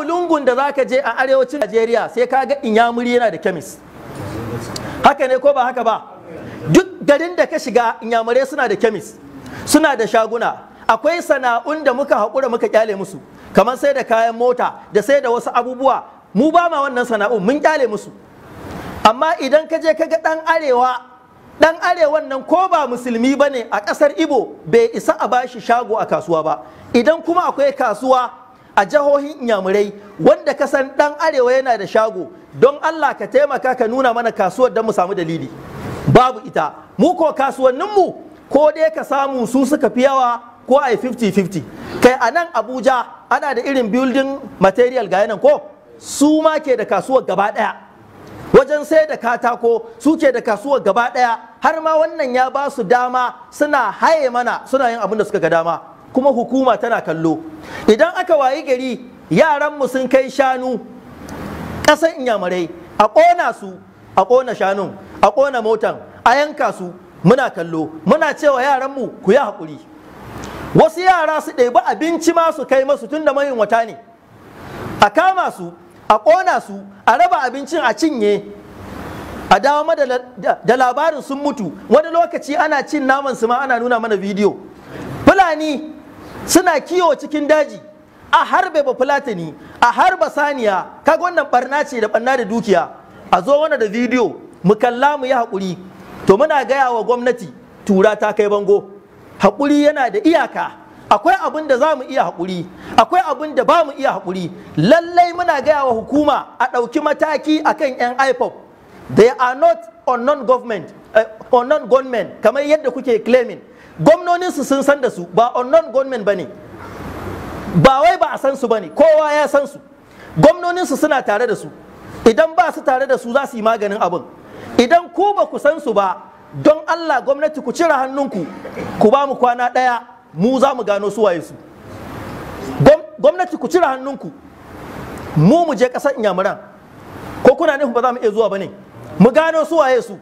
babu lungun da zaka je a arewacin Najeriya sai ka ga inyamuri yana da kemis haka ne ko ba haka ba duk garin da ka shiga inyamurai suna da kemis suna da shaguna akwai sana'un da muka haƙura muka kyale musu kamar sai da kayan mota da sai da wasu abubuwa mu ba ma wannan sana'un mun kyale musu amma idan ka je ka ga ɗan arewa dan arewan nan ko ba musulmi bane a ƙasar ibo bai isa a bashi shago a kasuwa ba idan kuma akwai kasuwa a jihohin inyamurai wanda ka san dan arewa yana da shago don Allah ka taimaka ka nuna mana kasuwar don mu samu dalili babu ita mu ko kasuwanninmu ko dai ka samu su suka fi yawa ko a yi 50-50 kai a nan abuja ana da irin building material ga yanan ko su ma ke da kasuwar gaba daya wajen sai da katako su ke da kasuwar gaba daya har ma wannan ya ba su dama suna haye mana suna yin abin da suka ga dama kuma hukuma tana kallo idan aka wayi gari yaran mu sun kai shanu ƙasan inyamurai a ƙona su a ƙona shanun a ƙona motan a yanka su muna kallo muna cewa yaran mu ku yi hakuri. wasu yara su ɗebi abinci ma su kai masu tun da mayin wata ne a kama su a ƙona su a raba abincin a cinye a dawo mana da labarin sun mutu wani lokaci ana cin naman su ma ana nuna mana bidiyo fulani suna kiwo cikin daji a harbe ba fulatani a harba saniya ka wannan barna ce da barna da dukiya a zo wani da bidiyo mu kalla mu yi haƙuri to muna gaya wa gwamnati tura ta kai bango haƙuri yana da iyaka akwai abin da za mu iya haƙuri akwai abin da ba mu iya haƙuri lallai muna gaya wa hukuma a ɗauki mataki a kan 'yan ipop they are not on non-government eh, on non-government kamar yadda kuke claiming gwamnoninsu sun san da su ba unknown government ba ne ba wai ba a san su ba ne kowa ya san su gwamnoninsu suna tare da su idan ba su tare da su za su yi maganin abin idan ku ba ku san su ba don allah gwamnati ku cire hannunku ku ba mu kwana ɗaya mu za mu gano su waye su gwamnati ku cire hannunku mu mu je ƙasar inyamuran ko kuna nufin ba za mu iya zuwa ba ne mu gano su waye su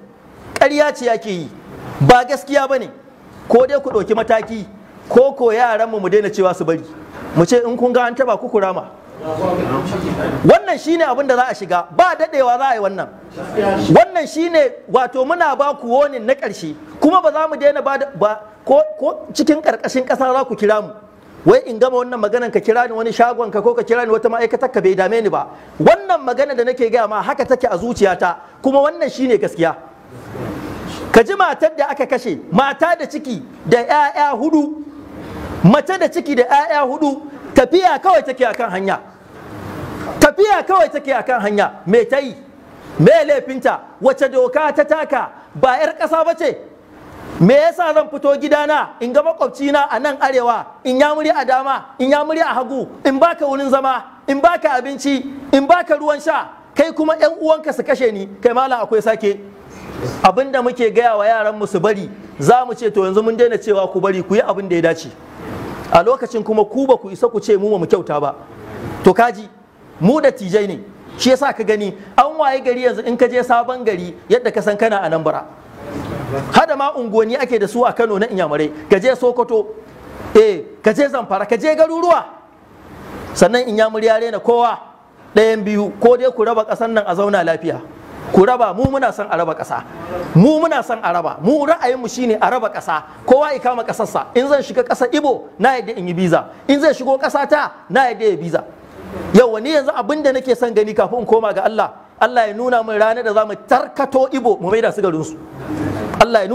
ƙarya ce yake yi ba gaskiya ba ne ko dai ku ɗauki mataki ko ko yaran mu mu daina cewa su bari mu ce in kun ga an taba ku kurama wannan shine abin da za a shiga ba dadewa za a yi wannan wannan shine wato muna ba ku wonin na ƙarshe kuma ba za mu daina ba ko cikin ƙarƙashin ƙasa za ku kira mu wai in gama wannan maganan ka kira ni wani shagon ka ko ka kira ni wata ma'aikatar ka bai dame ni ba wannan magana da nake gaya ma haka take a zuciyata kuma wannan shine gaskiya ka ji matar da aka kashe mata da ciki da 'ya'ya hudu mace da ciki da 'ya'ya hudu tafiya kawai take akan hanya tafiya kawai take akan hanya me ta yi me laifinta wace doka ta taka ba 'yar ƙasa ba ce me yasa zan fito gidana in ga na a nan arewa in ya muri a dama in ya muri a hagu in baka wurin zama in baka abinci in baka ruwan sha kai kuma 'yan uwanka su kashe ni kai mala akwai sake abinda muke gaya wa yaran mu su bari za mu ce to yanzu mun daina cewa ku bari ku yi abin da ya dace a lokacin kuma ku ba ku isa ku ce mu mu kyauta ba to kaji mu da tijai ne shi yasa ka gani an waye gari yanzu in ka je sabon gari yadda ka san kana a nan bara hada ma unguwanni ake da su a Kano na Inyamurai ka je Sokoto eh ka je Zamfara ka je garuruwa sannan Inyamuri ya rena kowa ɗayan biyu ko dai ku raba ƙasar nan a zauna lafiya ku raba mu muna son a raba ƙasa mu muna son a raba mu ra'ayinmu shine a raba ƙasa kowa ya kama ƙasarsa in zan shiga ƙasa ibo na yadda in yi biza in zai shigo ƙasa ta na yadda ya biza yau wani yanzu abin da nake son gani kafin in koma ga Allah Allah ya nuna min ranar da za mu tarkato ibo mu maida su garinsu Allah ya